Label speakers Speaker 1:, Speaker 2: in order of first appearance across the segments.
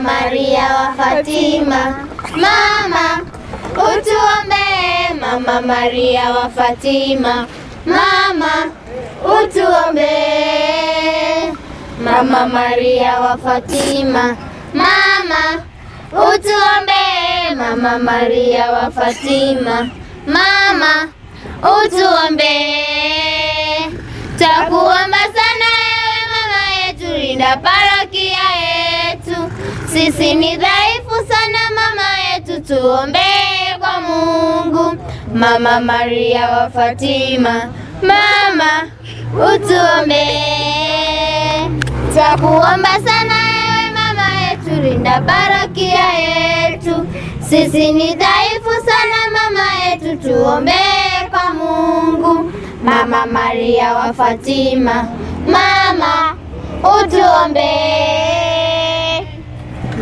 Speaker 1: Maria wa Fatima. Mama utuombee, Mama Maria wa Fatima. Mama utuombee, Mama Maria wa Fatima. Mama utuombee, Mama Maria wa Fatima. Mama utuombee, takuomba sana ewe mama yetu, linda parokia sisi ni dhaifu sana, mama yetu, tuombee kwa Mungu. Mama Maria wa Fatima, mama utuombee. Twakuomba sana ewe mama yetu, rinda parokia yetu. Sisi ni dhaifu sana, mama yetu, tuombee kwa Mungu. Mama Maria wa Fatima, mama utuombee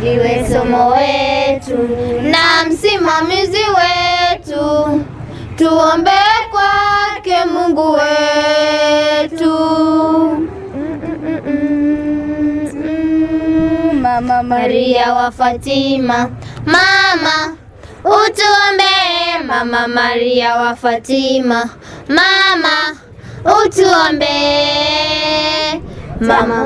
Speaker 2: liwe somo wetu na msimamizi wetu, tuombe kwake Mungu wetu.
Speaker 1: Mama Maria wa Fatima, mama utuombee. Mama Maria wa Fatima, mama utuombee. mama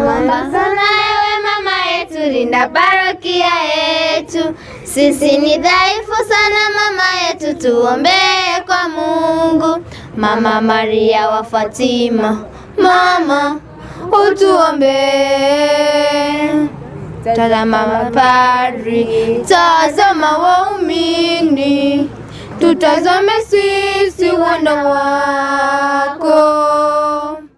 Speaker 1: linda parokia yetu. Sisi ni dhaifu sana, mama yetu, tuombee kwa Mungu. Mama Maria wa Fatima, mama utuombee.
Speaker 2: Tazama mapadri, tazama waumini, tutazame sisi wana wa